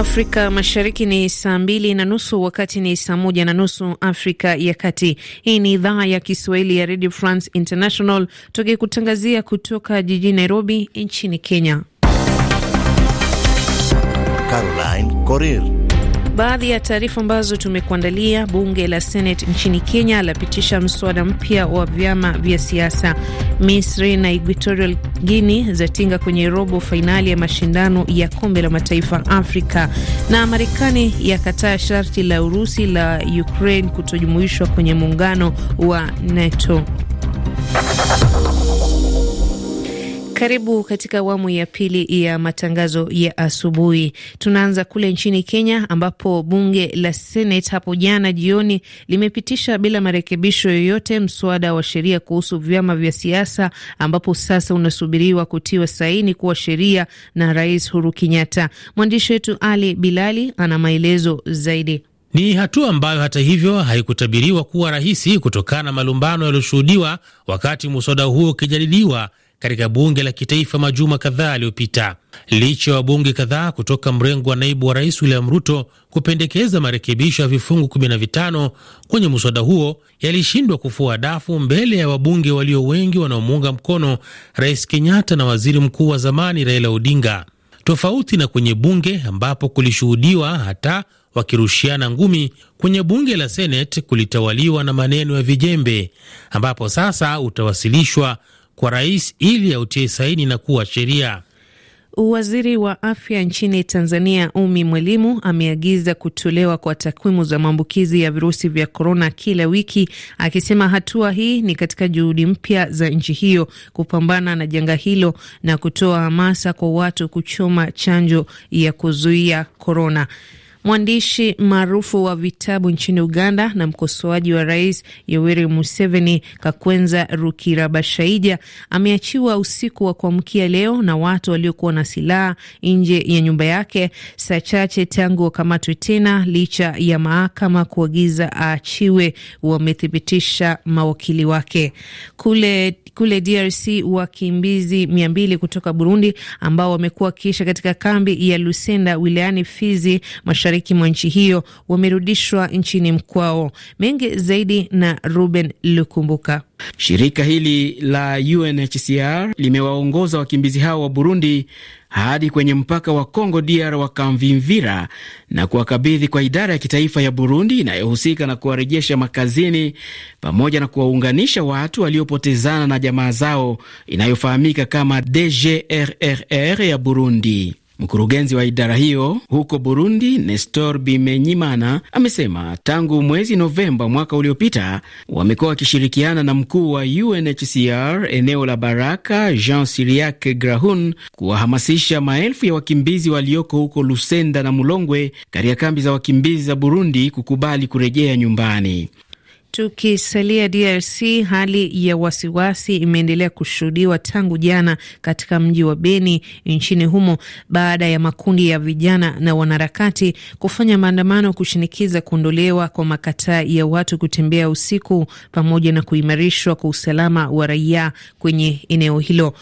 Afrika Mashariki ni saa mbili na nusu, wakati ni saa moja na nusu Afrika ya Kati. Hii ni idhaa ya Kiswahili ya Radio France International, tukikutangazia kutoka jijini Nairobi nchini Kenya. Caroline Coril baadhi ya taarifa ambazo tumekuandalia. Bunge la Senate nchini Kenya lapitisha mswada mpya wa vyama vya siasa. Misri na Equatorial Guinea zatinga kwenye robo fainali ya mashindano ya kombe la mataifa Afrika, na Marekani yakataa sharti la Urusi la Ukraine kutojumuishwa kwenye muungano wa NATO. Karibu katika awamu ya pili ya matangazo ya asubuhi. Tunaanza kule nchini Kenya ambapo bunge la Senate hapo jana jioni limepitisha bila marekebisho yoyote mswada wa sheria kuhusu vyama vya siasa, ambapo sasa unasubiriwa kutiwa saini kuwa sheria na Rais Uhuru Kenyatta. Mwandishi wetu Ali Bilali ana maelezo zaidi. Ni hatua ambayo hata hivyo haikutabiriwa kuwa rahisi kutokana na malumbano yaliyoshuhudiwa wakati muswada huo ukijadiliwa katika bunge la kitaifa majuma kadhaa yaliyopita, licha ya wabunge kadhaa kutoka mrengo wa naibu wa rais William Ruto kupendekeza marekebisho ya vifungu 15 kwenye mswada huo, yalishindwa kufua dafu mbele ya wabunge walio wengi wanaomuunga mkono Rais Kenyatta na waziri mkuu wa zamani Raila Odinga, tofauti na kwenye bunge ambapo kulishuhudiwa hata wakirushiana ngumi. Kwenye bunge la Senate kulitawaliwa na maneno ya vijembe, ambapo sasa utawasilishwa kwa rais ili autie saini na kuwa sheria. Waziri wa afya nchini Tanzania Umi Mwalimu ameagiza kutolewa kwa takwimu za maambukizi ya virusi vya korona kila wiki, akisema hatua hii ni katika juhudi mpya za nchi hiyo kupambana na janga hilo na kutoa hamasa kwa watu kuchoma chanjo ya kuzuia korona. Mwandishi maarufu wa vitabu nchini Uganda na mkosoaji wa rais Yoweri Museveni, Kakwenza Rukirabashaija ameachiwa usiku wa kuamkia leo na watu waliokuwa na silaha nje ya nyumba yake saa chache tangu wakamatwe tena, licha ya mahakama kuagiza aachiwe, wamethibitisha mawakili wake. Kule kule DRC wakimbizi mia mbili kutoka Burundi ambao wamekuwa wakiisha katika kambi ya Lusenda wilayani Fizi mashariki mwa nchi hiyo wamerudishwa nchini mkwao. Mengi zaidi na Ruben Lukumbuka. Shirika hili la UNHCR limewaongoza wakimbizi hao wa Burundi hadi kwenye mpaka wa Congo DR wa Kamvimvira na kuwakabidhi kwa idara ya kitaifa ya Burundi inayohusika na kuwarejesha makazini pamoja na kuwaunganisha watu waliopotezana na jamaa zao inayofahamika kama DGRRR ya Burundi. Mkurugenzi wa idara hiyo huko Burundi, Nestor Bimenyimana, amesema tangu mwezi Novemba mwaka uliopita wamekuwa wakishirikiana na mkuu wa UNHCR eneo la Baraka, Jean Siriac Grahun, kuwahamasisha maelfu ya wakimbizi walioko huko Lusenda na Mulongwe katika kambi za wakimbizi za Burundi kukubali kurejea nyumbani. Tukisalia DRC, hali ya wasiwasi imeendelea kushuhudiwa tangu jana katika mji wa Beni nchini humo baada ya makundi ya vijana na wanaharakati kufanya maandamano kushinikiza kuondolewa kwa makataa ya watu kutembea usiku pamoja na kuimarishwa kwa usalama wa raia kwenye eneo hilo.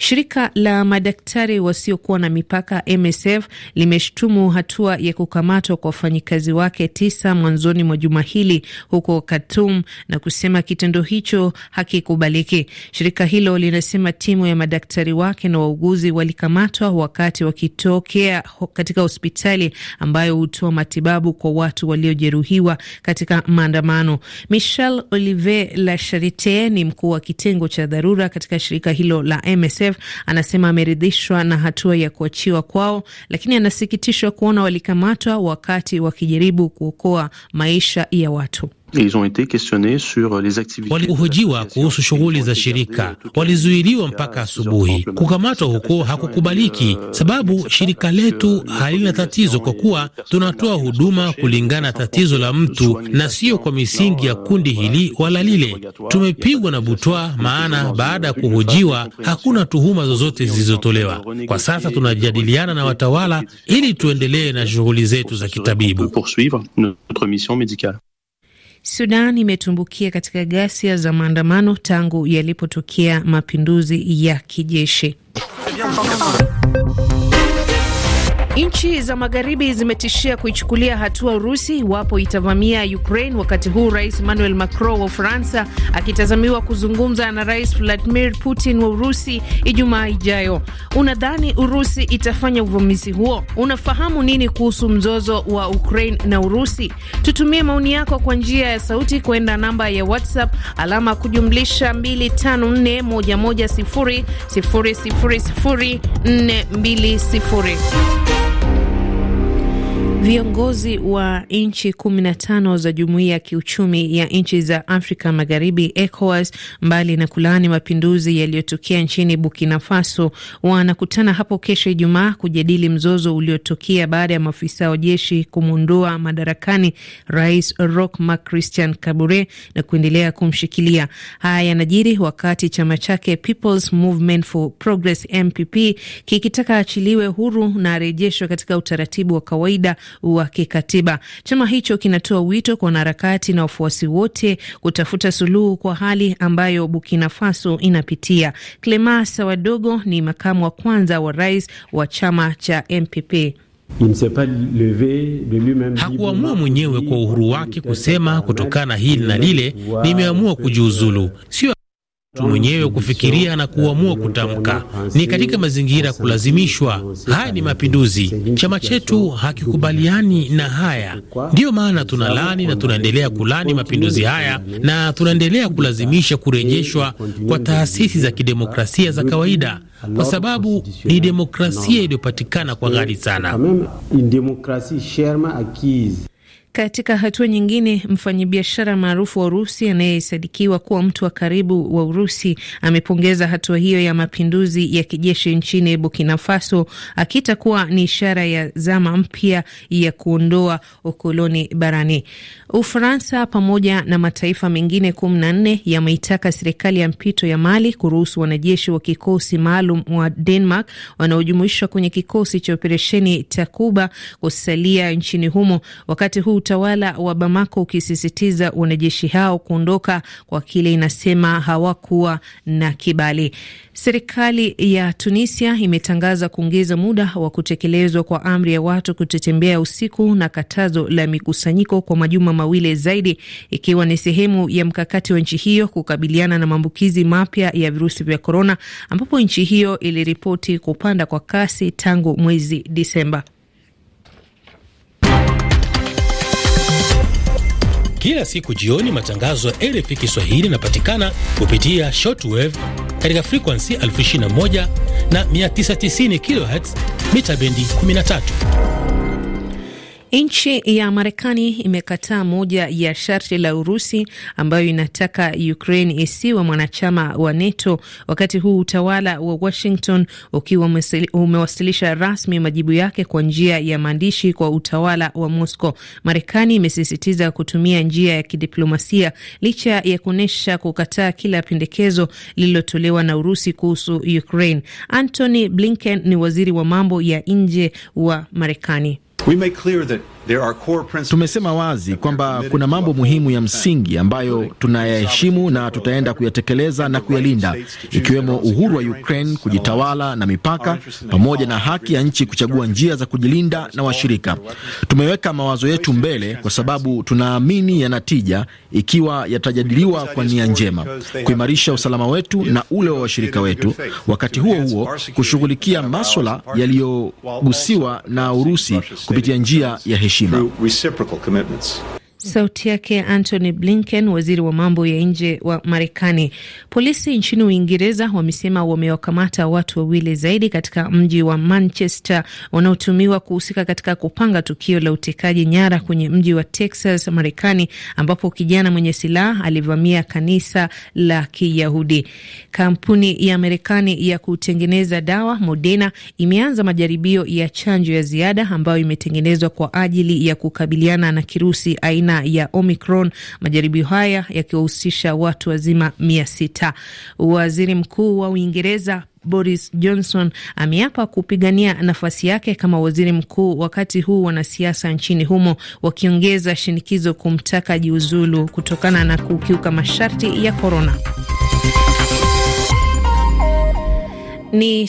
Shirika la madaktari wasiokuwa na mipaka MSF limeshtumu hatua ya kukamatwa kwa wafanyikazi wake tisa mwanzoni mwa juma hili huko Khartoum na kusema kitendo hicho hakikubaliki. Shirika hilo linasema timu ya madaktari wake na wauguzi walikamatwa wakati wakitokea katika hospitali ambayo hutoa matibabu kwa watu waliojeruhiwa katika maandamano. Michel Olivier Lacharite ni mkuu wa kitengo cha dharura katika shirika hilo la MSF Medvedev anasema ameridhishwa na hatua ya kuachiwa kwao, lakini anasikitishwa kuona walikamatwa wakati wakijaribu kuokoa maisha ya watu. Walihojiwa kuhusu shughuli za shirika, walizuiliwa mpaka asubuhi. Kukamatwa huko hakukubaliki, sababu shirika letu halina tatizo, kwa kuwa tunatoa huduma kulingana na tatizo la mtu na sio kwa misingi ya kundi hili wala lile. Tumepigwa na butwa, maana baada ya kuhojiwa hakuna tuhuma zozote zilizotolewa. Kwa sasa tunajadiliana na watawala ili tuendelee na shughuli zetu za kitabibu. Sudan imetumbukia katika ghasia za maandamano tangu yalipotokea mapinduzi ya kijeshi. Nchi za magharibi zimetishia kuichukulia hatua Urusi iwapo itavamia Ukraine, wakati huu Rais Emmanuel Macron wa Ufaransa akitazamiwa kuzungumza na Rais Vladimir Putin wa Urusi Ijumaa ijayo. Unadhani Urusi itafanya uvamizi huo? Unafahamu nini kuhusu mzozo wa Ukraine na Urusi? Tutumie maoni yako kwa njia ya sauti kwenda namba ya WhatsApp alama kujumlisha 254110000420. Viongozi wa nchi tano za jumuiya ya kiuchumi ya nchi za Afrika Magharibi, ECOWAS, mbali na kulaani mapinduzi yaliyotokea nchini Burkina Faso, wanakutana hapo kesho Ijumaa kujadili mzozo uliotokea baada ya maafisa wa jeshi kumwondoa madarakani Rais Roch Marc Christian Kabore na kuendelea kumshikilia. Haya yanajiri wakati chama chake People's Movement for Progress, MPP, kikitaka achiliwe huru na arejeshwe katika utaratibu wa kawaida wa kikatiba. Chama hicho kinatoa wito kwa wanaharakati na wafuasi wote kutafuta suluhu kwa hali ambayo Burkina Faso inapitia. Clema Sawadogo ni makamu wa kwanza wa rais wa chama cha MPP. Hakuamua mwenyewe kwa uhuru wake kusema kutokana hili na lile, nimeamua kujiuzulu, sio mwenyewe kufikiria na kuamua kutamka. Ni katika mazingira kulazimishwa. Haya ni mapinduzi. Chama chetu hakikubaliani na haya, ndiyo maana tunalani na tunaendelea kulani mapinduzi haya na tunaendelea kulazimisha kurejeshwa kwa taasisi za kidemokrasia za kawaida, kwa sababu ni demokrasia iliyopatikana kwa ghali sana. Katika hatua nyingine, mfanyabiashara maarufu wa Urusi anayesadikiwa kuwa mtu wa karibu wa Urusi amepongeza hatua hiyo ya mapinduzi ya kijeshi nchini Burkina Faso, akiita kuwa ni ishara ya zama mpya ya kuondoa ukoloni barani. Ufaransa pamoja na mataifa mengine kumi na nne yameitaka serikali ya mpito ya Mali kuruhusu wanajeshi wa kikosi maalum wa Denmark wanaojumuishwa kwenye kikosi cha operesheni Takuba kusalia nchini humo wakati huu utawala wa Bamako ukisisitiza wanajeshi hao kuondoka kwa kile inasema hawakuwa na kibali. Serikali ya Tunisia imetangaza kuongeza muda wa kutekelezwa kwa amri ya watu kutotembea usiku na katazo la mikusanyiko kwa majuma mawili zaidi, ikiwa ni sehemu ya mkakati wa nchi hiyo kukabiliana na maambukizi mapya ya virusi vya korona, ambapo nchi hiyo iliripoti kupanda kwa kasi tangu mwezi Disemba. Kila siku jioni matangazo ya RFI Kiswahili yanapatikana kupitia shortwave katika frequency 21 na 990 kHz mita bendi 13. Nchi ya Marekani imekataa moja ya sharti la Urusi ambayo inataka Ukraine isiwe mwanachama wa NATO, wakati huu utawala wa Washington ukiwa umewasilisha rasmi majibu yake kwa njia ya maandishi kwa utawala wa Moscow. Marekani imesisitiza kutumia njia ya kidiplomasia licha ya kuonyesha kukataa kila pendekezo lililotolewa na Urusi kuhusu Ukraine. Antony Blinken ni waziri wa mambo ya nje wa Marekani. We make clear that Tumesema wazi kwamba kuna mambo muhimu ya msingi ambayo tunayaheshimu na tutaenda kuyatekeleza na kuyalinda, ikiwemo uhuru wa Ukraine kujitawala na mipaka, pamoja na haki ya nchi kuchagua njia za kujilinda na washirika. Tumeweka mawazo yetu mbele kwa sababu tunaamini yana tija ikiwa yatajadiliwa kwa nia njema, kuimarisha usalama wetu na ule wa washirika wetu, wakati huo huo kushughulikia maswala yaliyogusiwa na Urusi kupitia njia ya heshima. Fukushima. Through reciprocal commitments. Sauti yake Antony Blinken, waziri wa mambo ya nje wa Marekani. Polisi nchini Uingereza wamesema wamewakamata watu wawili zaidi katika mji wa Manchester wanaotumiwa kuhusika katika kupanga tukio la utekaji nyara kwenye mji wa Texas, Marekani, ambapo kijana mwenye silaha alivamia kanisa la Kiyahudi. Kampuni ya Marekani ya kutengeneza dawa Moderna imeanza majaribio ya chanjo ya ziada ambayo imetengenezwa kwa ajili ya kukabiliana na kirusi aina aina ya Omicron, majaribio haya yakiwahusisha watu wazima mia sita. Waziri Mkuu wa Uingereza Boris Johnson ameapa kupigania nafasi yake kama waziri mkuu, wakati huu wanasiasa nchini humo wakiongeza shinikizo kumtaka jiuzulu kutokana na kukiuka masharti ya korona. Ni